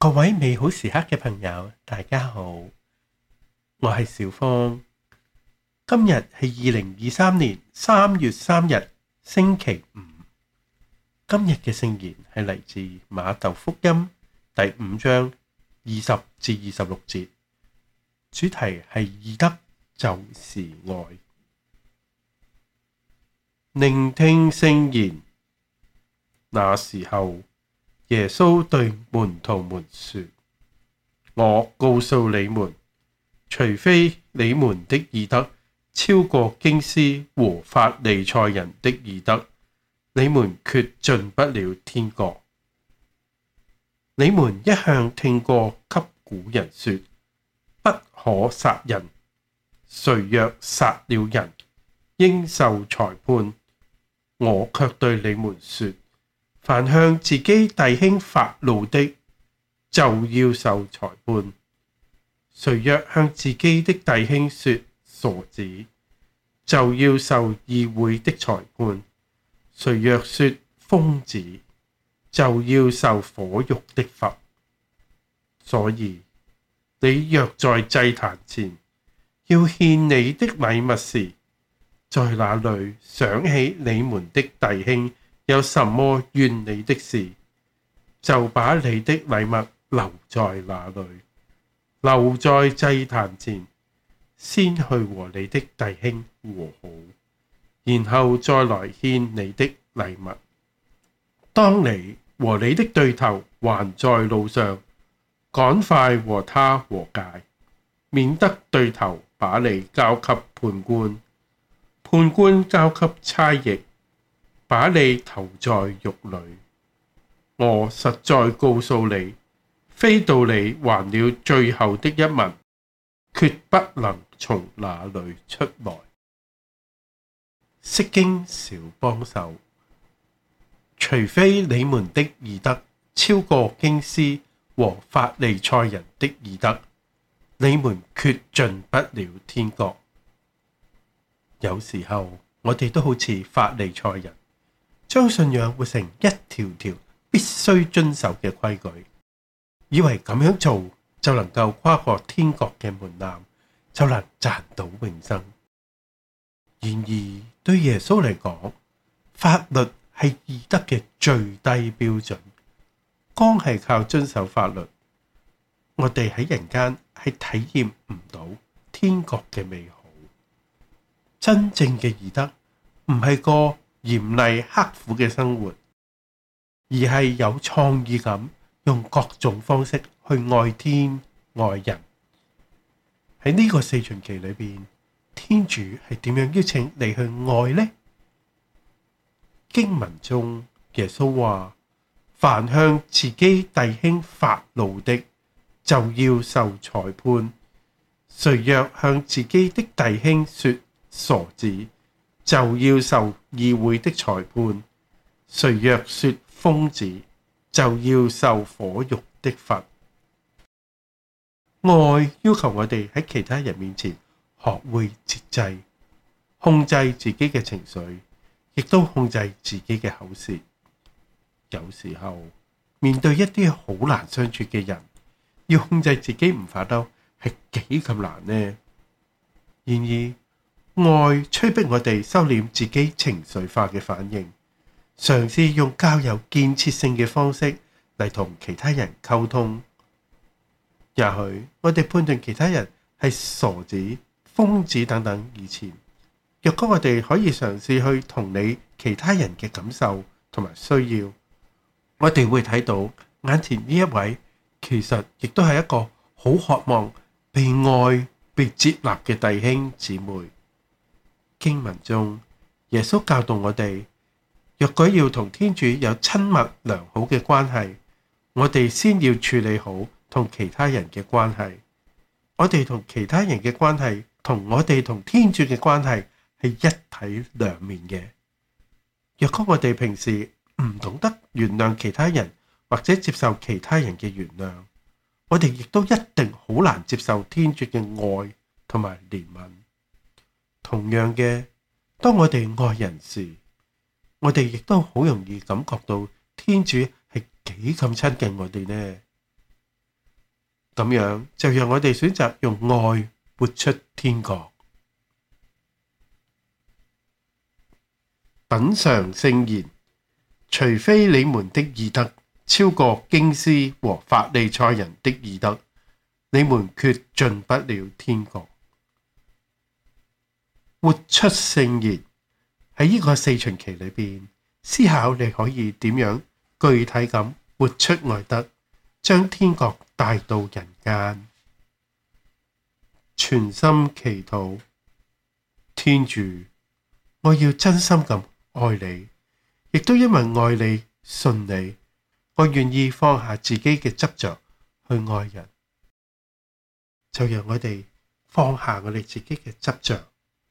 各位美好時刻嘅朋友，大家好，我係小芳。今日係二零二三年三月三日星期五。今日嘅聖言係嚟自馬竇福音第五章二十至二十六節，主題係義德就是愛。聆聽聖言，那時候。耶穌對門徒們說：我告訴你們，除非你們的義德超過經師和法利賽人的義德，你們決進不了天國。你們一向聽過給古人說，不可殺人，誰若殺了人，應受裁判。我卻對你們說。凡向自己弟兄發怒的，就要受裁判；誰若向自己的弟兄說傻子，就要受議會的裁判；誰若說瘋子，就要受火獄的罰。所以，你若在祭壇前要獻你的禮物時，在那裏想起你們的弟兄，有什麼怨你的事，就把你的禮物留在那裡，留在祭壇前，先去和你的弟兄和好，然後再來獻你的禮物。當你和你的對頭還在路上，趕快和他和解，免得對頭把你交給判官，判官交給差役，把你投在獄裏，我實在告訴你，非到你還了最後的一文，決不能從那裏出來。釋經小幫手，除非你們的義德超過經師和法利賽人的義德，你們決進不了天國。有時候我哋都好似法利賽人，將信仰活成一條條必須遵守嘅規矩，以為咁樣做就能夠跨過天國嘅門檻，就能賺到永生。然而，對耶穌嚟講，法律係義德嘅最低標準，光係靠遵守法律。我哋喺人間係體驗唔到天國嘅美好，真正嘅義德唔係個嚴厲刻苦嘅生活，而係有創意咁用各種方式去愛天、愛人。喺呢個四旬期裏邊，天主係點樣邀請你去愛呢？經文中耶穌話：「凡向自己弟兄發怒的，就要受裁判；誰若向自己的弟兄說傻子。就要受議會的裁判，誰若說瘋子，就要受火獄的罰。愛要求我哋喺其他人面前學會節制，控制自己嘅情緒，亦都控制自己嘅口舌。有時候，面對一啲好難相處嘅人，要控制自己唔發嬲係幾咁難呢？然而，愛催迫我哋收斂自己情緒化嘅反應，嘗試用較有建設性嘅方式嚟同其他人溝通。也許我哋判斷其他人係傻子、瘋子等等以前，若果我哋可以嘗試去同理其他人嘅感受同埋需要，我哋會睇到眼前呢一位其實亦都係一個好渴望被愛、被接納嘅弟兄姊妹。經文中，耶穌教導我哋：若果要同天主有親密良好嘅關係，我哋先要處理好同其他人嘅關係。我哋同其他人嘅關係，同我哋同天主嘅關係，係一體兩面嘅。若果我哋平時唔懂得原諒其他人，或者接受其他人嘅原諒，我哋亦都一定好難接受天主嘅愛同埋憐憫。同樣嘅，當我哋愛人時，我哋亦都好容易感覺到天主係幾咁親近我哋呢？咁樣就讓我哋選擇用愛活出天國。品嘗聖言。除非你們的義德超過經師和法利塞人的義德，你們決進不了天國。活出聖言，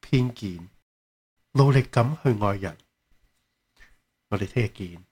天見，努力咁去愛人，我哋聽日見。